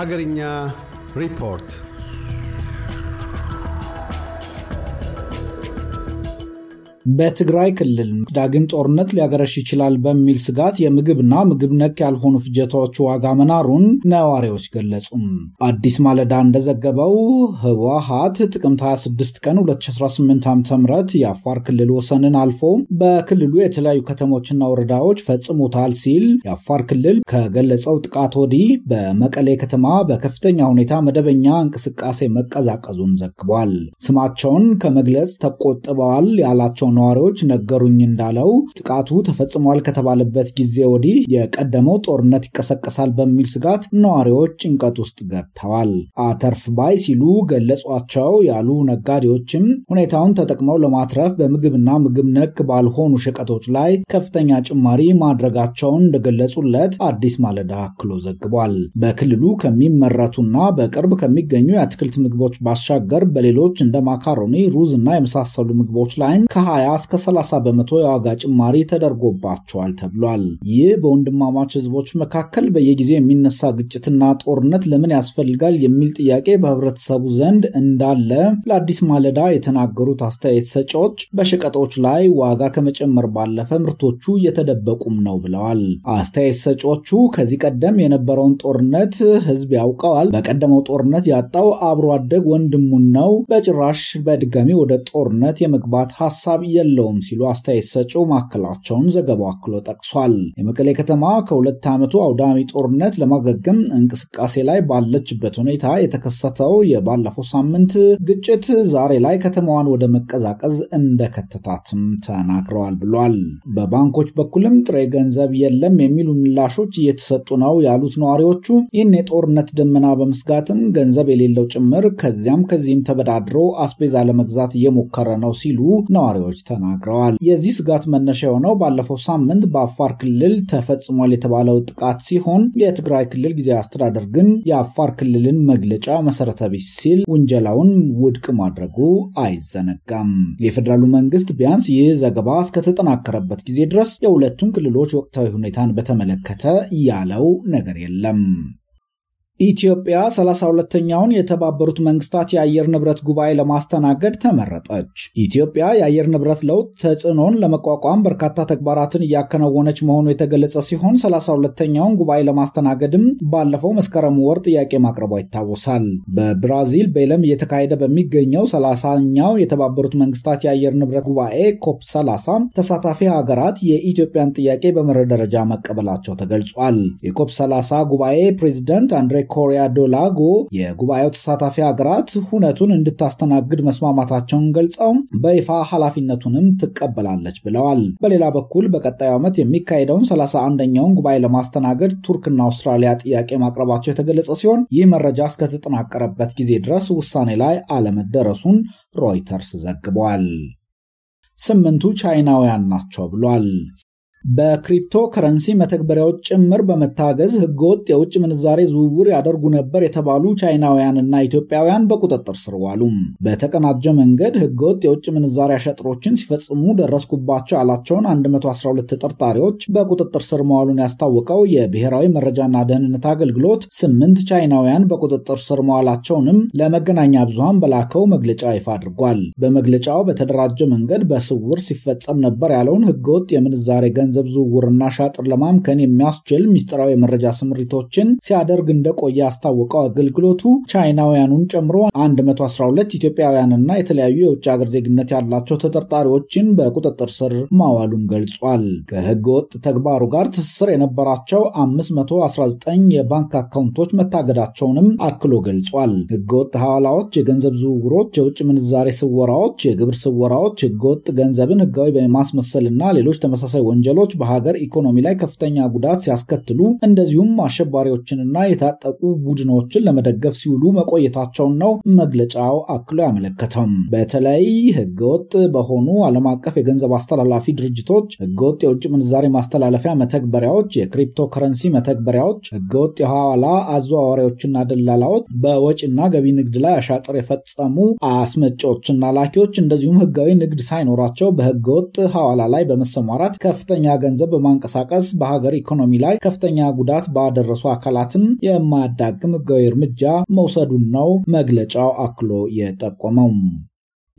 Hagarinya Report በትግራይ ክልል ዳግም ጦርነት ሊያገረሽ ይችላል በሚል ስጋት የምግብና ምግብ ነክ ያልሆኑ ፍጀታዎች ዋጋ መናሩን ነዋሪዎች ገለጹም። አዲስ ማለዳ እንደዘገበው ህወሓት ጥቅምት 26 ቀን 2018 ዓ.ም የአፋር ክልል ወሰንን አልፎ በክልሉ የተለያዩ ከተሞችና ወረዳዎች ፈጽሞታል ሲል የአፋር ክልል ከገለጸው ጥቃት ወዲህ በመቀሌ ከተማ በከፍተኛ ሁኔታ መደበኛ እንቅስቃሴ መቀዛቀዙን ዘግቧል። ስማቸውን ከመግለጽ ተቆጥበዋል ያላቸው ነዋሪዎች ነገሩኝ እንዳለው ጥቃቱ ተፈጽሟል ከተባለበት ጊዜ ወዲህ የቀደመው ጦርነት ይቀሰቀሳል በሚል ስጋት ነዋሪዎች ጭንቀት ውስጥ ገብተዋል። አተርፍ ባይ ሲሉ ገለጿቸው ያሉ ነጋዴዎችም ሁኔታውን ተጠቅመው ለማትረፍ በምግብና ምግብ ነክ ባልሆኑ ሸቀጦች ላይ ከፍተኛ ጭማሪ ማድረጋቸውን እንደገለጹለት አዲስ ማለዳ አክሎ ዘግቧል። በክልሉ ከሚመረቱና በቅርብ ከሚገኙ የአትክልት ምግቦች ባሻገር በሌሎች እንደ ማካሮኒ፣ ሩዝ እና የመሳሰሉ ምግቦች ላይም ከ20 ከ20 እስከ 30 በመቶ የዋጋ ጭማሪ ተደርጎባቸዋል ተብሏል። ይህ በወንድማማች ህዝቦች መካከል በየጊዜው የሚነሳ ግጭትና ጦርነት ለምን ያስፈልጋል የሚል ጥያቄ በህብረተሰቡ ዘንድ እንዳለ ለአዲስ ማለዳ የተናገሩት አስተያየት ሰጪዎች በሸቀጦች ላይ ዋጋ ከመጨመር ባለፈ ምርቶቹ እየተደበቁም ነው ብለዋል። አስተያየት ሰጪዎቹ ከዚህ ቀደም የነበረውን ጦርነት ህዝብ ያውቀዋል። በቀደመው ጦርነት ያጣው አብሮ አደግ ወንድሙን ነው። በጭራሽ በድጋሚ ወደ ጦርነት የመግባት ሀሳብ የለውም ሲሉ አስተያየት ሰጪው ማከላቸውን ዘገባው አክሎ ጠቅሷል። የመቀሌ ከተማ ከሁለት ዓመቱ አውዳሚ ጦርነት ለማገገም እንቅስቃሴ ላይ ባለችበት ሁኔታ የተከሰተው የባለፈው ሳምንት ግጭት ዛሬ ላይ ከተማዋን ወደ መቀዛቀዝ እንደከተታትም ተናግረዋል ብሏል። በባንኮች በኩልም ጥሬ ገንዘብ የለም የሚሉ ምላሾች እየተሰጡ ነው ያሉት ነዋሪዎቹ ይህን የጦርነት ደመና በመስጋትም ገንዘብ የሌለው ጭምር ከዚያም ከዚህም ተበዳድሮ አስቤዛ ለመግዛት እየሞከረ ነው ሲሉ ነዋሪዎች ተናግረዋል። የዚህ ስጋት መነሻ የሆነው ባለፈው ሳምንት በአፋር ክልል ተፈጽሟል የተባለው ጥቃት ሲሆን የትግራይ ክልል ጊዜያዊ አስተዳደር ግን የአፋር ክልልን መግለጫ መሰረተ ቢስ ሲል ውንጀላውን ውድቅ ማድረጉ አይዘነጋም። የፌዴራሉ መንግስት ቢያንስ ይህ ዘገባ እስከተጠናከረበት ጊዜ ድረስ የሁለቱን ክልሎች ወቅታዊ ሁኔታን በተመለከተ ያለው ነገር የለም። ኢትዮጵያ 32ተኛውን የተባበሩት መንግስታት የአየር ንብረት ጉባኤ ለማስተናገድ ተመረጠች። ኢትዮጵያ የአየር ንብረት ለውጥ ተጽዕኖን ለመቋቋም በርካታ ተግባራትን እያከናወነች መሆኑ የተገለጸ ሲሆን 32ተኛውን ጉባኤ ለማስተናገድም ባለፈው መስከረም ወር ጥያቄ ማቅረቧ ይታወሳል። በብራዚል ቤለም እየተካሄደ በሚገኘው 30ኛው የተባበሩት መንግስታት የአየር ንብረት ጉባኤ ኮፕ 30 ተሳታፊ ሀገራት የኢትዮጵያን ጥያቄ በመርህ ደረጃ መቀበላቸው ተገልጿል። የኮፕ 30 ጉባኤ ፕሬዚደንት አንድሬ ኮሪያ ዶላጎ የጉባኤው ተሳታፊ ሀገራት ሁነቱን እንድታስተናግድ መስማማታቸውን ገልጸው በይፋ ኃላፊነቱንም ትቀበላለች ብለዋል። በሌላ በኩል በቀጣዩ ዓመት የሚካሄደውን 31ኛውን ጉባኤ ለማስተናገድ ቱርክና አውስትራሊያ ጥያቄ ማቅረባቸው የተገለጸ ሲሆን ይህ መረጃ እስከተጠናቀረበት ጊዜ ድረስ ውሳኔ ላይ አለመደረሱን ሮይተርስ ዘግቧል። ስምንቱ ቻይናውያን ናቸው ብሏል። በክሪፕቶ ከረንሲ መተግበሪያዎች ጭምር በመታገዝ ህገወጥ የውጭ ምንዛሬ ዝውውር ያደርጉ ነበር የተባሉ ቻይናውያንና ኢትዮጵያውያን በቁጥጥር ስር ዋሉ። በተቀናጀ መንገድ ህገወጥ የውጭ ምንዛሬ አሸጥሮችን ሲፈጽሙ ደረስኩባቸው ያላቸውን 112 ተጠርጣሪዎች በቁጥጥር ስር መዋሉን ያስታወቀው የብሔራዊ መረጃና ደህንነት አገልግሎት ስምንት ቻይናውያን በቁጥጥር ስር መዋላቸውንም ለመገናኛ ብዙሃን በላከው መግለጫ ይፋ አድርጓል። በመግለጫው በተደራጀ መንገድ በስውር ሲፈጸም ነበር ያለውን ህገወጥ የምንዛሬ ገን የገንዘብ ዝውውርና ሻጥር ለማምከን የሚያስችል ሚስጥራዊ የመረጃ ስምሪቶችን ሲያደርግ እንደቆየ አስታወቀው። አገልግሎቱ ቻይናውያኑን ጨምሮ 112 ኢትዮጵያውያንና የተለያዩ የውጭ ሀገር ዜግነት ያላቸው ተጠርጣሪዎችን በቁጥጥር ስር ማዋሉን ገልጿል። ከህገ ወጥ ተግባሩ ጋር ትስስር የነበራቸው 519 የባንክ አካውንቶች መታገዳቸውንም አክሎ ገልጿል። ወጥ ሐዋላዎች፣ የገንዘብ ዝውውሮች፣ የውጭ ምንዛሬ ስወራዎች፣ የግብር ስወራዎች፣ ወጥ ገንዘብን ህጋዊ በማስመሰልና ሌሎች ተመሳሳይ ወንጀሎች ኃይሎች በሀገር ኢኮኖሚ ላይ ከፍተኛ ጉዳት ሲያስከትሉ እንደዚሁም አሸባሪዎችንና የታጠቁ ቡድኖችን ለመደገፍ ሲውሉ መቆየታቸውን ነው መግለጫው አክሎ ያመለከተም። በተለይ ህገወጥ በሆኑ ዓለም አቀፍ የገንዘብ አስተላላፊ ድርጅቶች፣ ህገወጥ የውጭ ምንዛሬ ማስተላለፊያ መተግበሪያዎች፣ የክሪፕቶ ከረንሲ መተግበሪያዎች፣ ህገወጥ የሐዋላ አዘዋዋሪዎችና ደላላዎች፣ በወጪና ገቢ ንግድ ላይ አሻጥር የፈጸሙ አስመጪዎችና ላኪዎች እንደዚሁም ህጋዊ ንግድ ሳይኖራቸው በህገወጥ ሀዋላ ላይ በመሰማራት ከፍተኛ ገንዘብ በማንቀሳቀስ በሀገር ኢኮኖሚ ላይ ከፍተኛ ጉዳት ባደረሱ አካላትም የማያዳግም ሕጋዊ እርምጃ መውሰዱን ነው መግለጫው አክሎ የጠቆመው።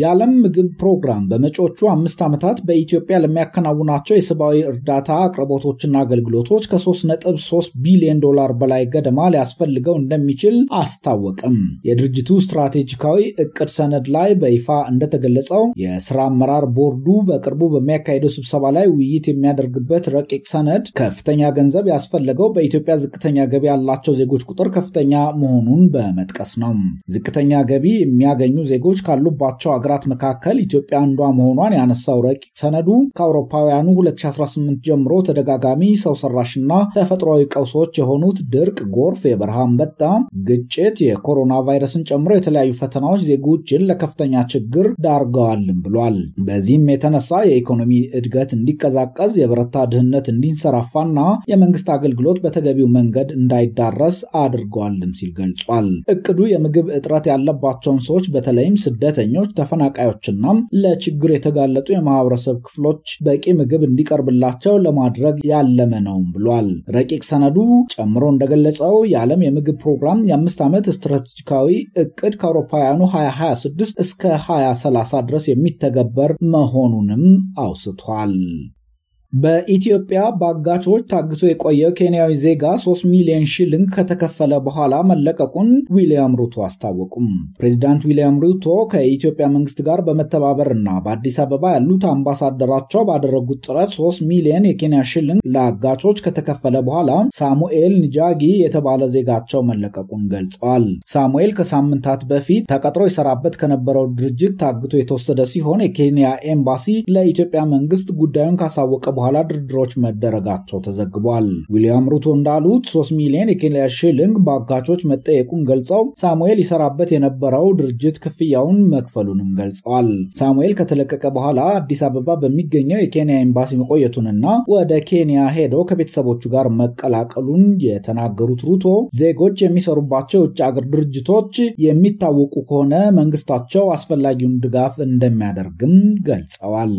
የዓለም ምግብ ፕሮግራም በመጪዎቹ አምስት ዓመታት በኢትዮጵያ ለሚያከናውናቸው የሰብአዊ እርዳታ አቅርቦቶችና አገልግሎቶች ከ3.3 ቢሊዮን ዶላር በላይ ገደማ ሊያስፈልገው እንደሚችል አስታወቅም። የድርጅቱ ስትራቴጂካዊ እቅድ ሰነድ ላይ በይፋ እንደተገለጸው የስራ አመራር ቦርዱ በቅርቡ በሚያካሄደው ስብሰባ ላይ ውይይት የሚያደርግበት ረቂቅ ሰነድ ከፍተኛ ገንዘብ ያስፈለገው በኢትዮጵያ ዝቅተኛ ገቢ ያላቸው ዜጎች ቁጥር ከፍተኛ መሆኑን በመጥቀስ ነው። ዝቅተኛ ገቢ የሚያገኙ ዜጎች ካሉባቸው ሀገራት መካከል ኢትዮጵያ አንዷ መሆኗን ያነሳው ረቂቅ ሰነዱ ከአውሮፓውያኑ 2018 ጀምሮ ተደጋጋሚ ሰው ሰራሽና ተፈጥሯዊ ቀውሶች የሆኑት ድርቅ፣ ጎርፍ፣ የበረሃ አንበጣ፣ ግጭት፣ የኮሮና ቫይረስን ጨምሮ የተለያዩ ፈተናዎች ዜጎችን ለከፍተኛ ችግር ዳርገዋልም ብሏል። በዚህም የተነሳ የኢኮኖሚ እድገት እንዲቀዛቀዝ፣ የበረታ ድህነት እንዲንሰራፋና የመንግስት አገልግሎት በተገቢው መንገድ እንዳይዳረስ አድርገዋልም ሲል ገልጿል። እቅዱ የምግብ እጥረት ያለባቸውን ሰዎች በተለይም ስደተኞች፣ ተፈ ተፈናቃዮችና ለችግር የተጋለጡ የማህበረሰብ ክፍሎች በቂ ምግብ እንዲቀርብላቸው ለማድረግ ያለመ ነውም ብሏል። ረቂቅ ሰነዱ ጨምሮ እንደገለጸው የዓለም የምግብ ፕሮግራም የአምስት ዓመት ስትራቴጂካዊ እቅድ ከአውሮፓውያኑ 2026 እስከ 2030 ድረስ የሚተገበር መሆኑንም አውስቷል። በኢትዮጵያ በአጋቾች ታግቶ የቆየው ኬንያዊ ዜጋ 3 ሚሊዮን ሺሊንግ ከተከፈለ በኋላ መለቀቁን ዊልያም ሩቶ አስታወቁም። ፕሬዚዳንት ዊልያም ሩቶ ከኢትዮጵያ መንግስት ጋር በመተባበር እና በአዲስ አበባ ያሉት አምባሳደራቸው ባደረጉት ጥረት 3 ሚሊዮን የኬንያ ሺሊንግ ለአጋቾች ከተከፈለ በኋላ ሳሙኤል ኒጃጊ የተባለ ዜጋቸው መለቀቁን ገልጸዋል። ሳሙኤል ከሳምንታት በፊት ተቀጥሮ የሰራበት ከነበረው ድርጅት ታግቶ የተወሰደ ሲሆን የኬንያ ኤምባሲ ለኢትዮጵያ መንግስት ጉዳዩን ካሳወቀ በኋላ ድርድሮች መደረጋቸው ተዘግቧል። ዊሊያም ሩቶ እንዳሉት 3 ሚሊዮን የኬንያ ሽልንግ በአጋቾች መጠየቁን ገልጸው ሳሙኤል ይሰራበት የነበረው ድርጅት ክፍያውን መክፈሉንም ገልጸዋል። ሳሙኤል ከተለቀቀ በኋላ አዲስ አበባ በሚገኘው የኬንያ ኤምባሲ መቆየቱንና ወደ ኬንያ ሄዶ ከቤተሰቦቹ ጋር መቀላቀሉን የተናገሩት ሩቶ ዜጎች የሚሰሩባቸው የውጭ አገር ድርጅቶች የሚታወቁ ከሆነ መንግስታቸው አስፈላጊውን ድጋፍ እንደሚያደርግም ገልጸዋል።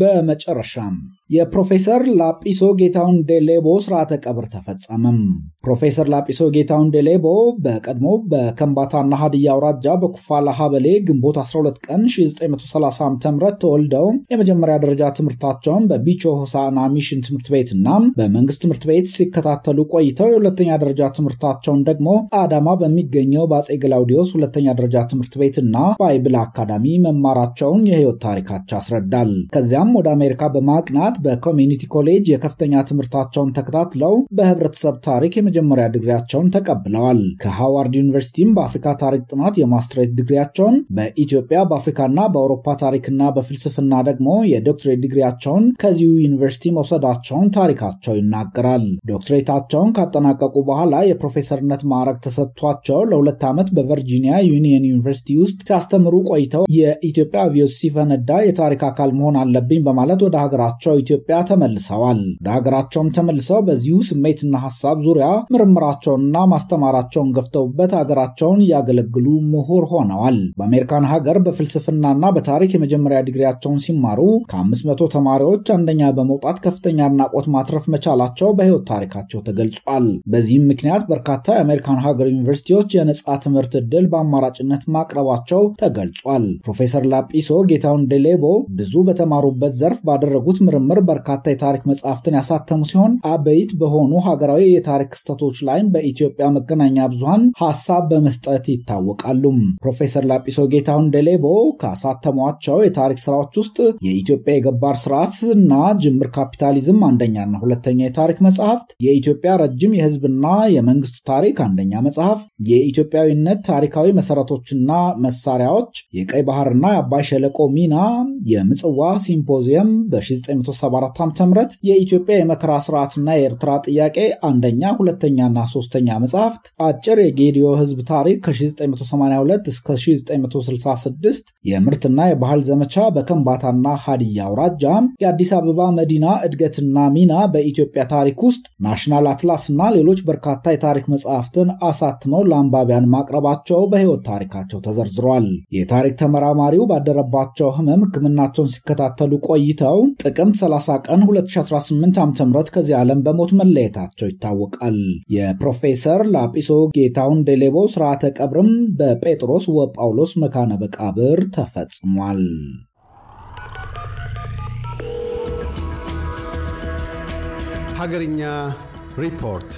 በመጨረሻም የፕሮፌሰር ላጲሶ ጌታውን ዴሌቦ ስርዓተ ቀብር ተፈጸመም። ፕሮፌሰር ላጲሶ ጌታውን ዴሌቦ በቀድሞ በከንባታና ሀድያ አውራጃ በኩፋላ ሀበሌ ግንቦት 12 ቀን 1930 ዓ ም ተወልደው የመጀመሪያ ደረጃ ትምህርታቸውን በቢቾ ሆሳና ሚሽን ትምህርት ቤትና በመንግስት ትምህርት ቤት ሲከታተሉ ቆይተው የሁለተኛ ደረጃ ትምህርታቸውን ደግሞ አዳማ በሚገኘው በአጼ ግላውዲዮስ ሁለተኛ ደረጃ ትምህርት ቤትና ባይብል አካዳሚ መማራቸውን የህይወት ታሪካቸው ያስረዳል። ከዚያም ወደ አሜሪካ በማቅናት በኮሚኒቲ ኮሌጅ የከፍተኛ ትምህርታቸውን ተከታትለው በህብረተሰብ ታሪክ የመጀመሪያ ድግሪያቸውን ተቀብለዋል። ከሃዋርድ ዩኒቨርሲቲም በአፍሪካ ታሪክ ጥናት የማስትሬት ድግሪያቸውን በኢትዮጵያ በአፍሪካና በአውሮፓ ታሪክና በፍልስፍና ደግሞ የዶክትሬት ድግሪያቸውን ከዚሁ ዩኒቨርሲቲ መውሰዳቸውን ታሪካቸው ይናገራል። ዶክትሬታቸውን ካጠናቀቁ በኋላ የፕሮፌሰርነት ማዕረግ ተሰጥቷቸው ለሁለት ዓመት በቨርጂኒያ ዩኒየን ዩኒቨርሲቲ ውስጥ ሲያስተምሩ ቆይተው የኢትዮጵያ አብዮት ሲፈነዳ የታሪክ አካል መሆን አለ አለብኝ በማለት ወደ ሀገራቸው ኢትዮጵያ ተመልሰዋል። ወደ ሀገራቸውም ተመልሰው በዚሁ ስሜትና ሀሳብ ዙሪያ ምርምራቸውንና ማስተማራቸውን ገፍተውበት ሀገራቸውን ያገለግሉ ምሁር ሆነዋል። በአሜሪካን ሀገር በፍልስፍናና በታሪክ የመጀመሪያ ዲግሪያቸውን ሲማሩ ከ500 ተማሪዎች አንደኛ በመውጣት ከፍተኛ አድናቆት ማትረፍ መቻላቸው በህይወት ታሪካቸው ተገልጿል። በዚህም ምክንያት በርካታ የአሜሪካን ሀገር ዩኒቨርሲቲዎች የነጻ ትምህርት እድል በአማራጭነት ማቅረባቸው ተገልጿል። ፕሮፌሰር ላጲሶ ጌታውን ደሌቦ ብዙ በተማሩ በተሰማሩበት ዘርፍ ባደረጉት ምርምር በርካታ የታሪክ መጽሐፍትን ያሳተሙ ሲሆን አበይት በሆኑ ሀገራዊ የታሪክ ክስተቶች ላይም በኢትዮጵያ መገናኛ ብዙሀን ሀሳብ በመስጠት ይታወቃሉ። ፕሮፌሰር ላጲሶ ጌታሁን ደሌቦ ካሳተሟቸው የታሪክ ስራዎች ውስጥ የኢትዮጵያ የገባር ስርዓት እና ጅምር ካፒታሊዝም አንደኛና ሁለተኛ የታሪክ መጽሐፍት፣ የኢትዮጵያ ረጅም የህዝብና የመንግስቱ ታሪክ አንደኛ መጽሐፍ፣ የኢትዮጵያዊነት ታሪካዊ መሰረቶችና መሳሪያዎች፣ የቀይ ባህርና የአባይ ሸለቆ ሚና፣ የምጽዋ ሲምፖዚየም በ 974 ዓ ም የኢትዮጵያ የመከራ ስርዓትና የኤርትራ ጥያቄ አንደኛ፣ ሁለተኛና ሶስተኛ መጽሐፍት፣ አጭር የጌዲዮ ህዝብ ታሪክ ከ 982 እስከ 966 የምርትና የባህል ዘመቻ በከምባታና ሀዲያ አውራጃ፣ የአዲስ አበባ መዲና እድገትና ሚና በኢትዮጵያ ታሪክ ውስጥ ናሽናል አትላስ እና ሌሎች በርካታ የታሪክ መጽሐፍትን አሳትመው ለአንባቢያን ማቅረባቸው በህይወት ታሪካቸው ተዘርዝሯል። የታሪክ ተመራማሪው ባደረባቸው ህመም ሕክምናቸውን ሲከታተሉ ሲከታተሉ ቆይተው ጥቅምት 30 ቀን 2018 ዓ ም ከዚህ ዓለም በሞት መለየታቸው ይታወቃል። የፕሮፌሰር ላጲሶ ጌታውን ደሌቦ ስርዓተ ቀብርም በጴጥሮስ ወጳውሎስ መካነ መቃብር ተፈጽሟል። ሀገርኛ ሪፖርት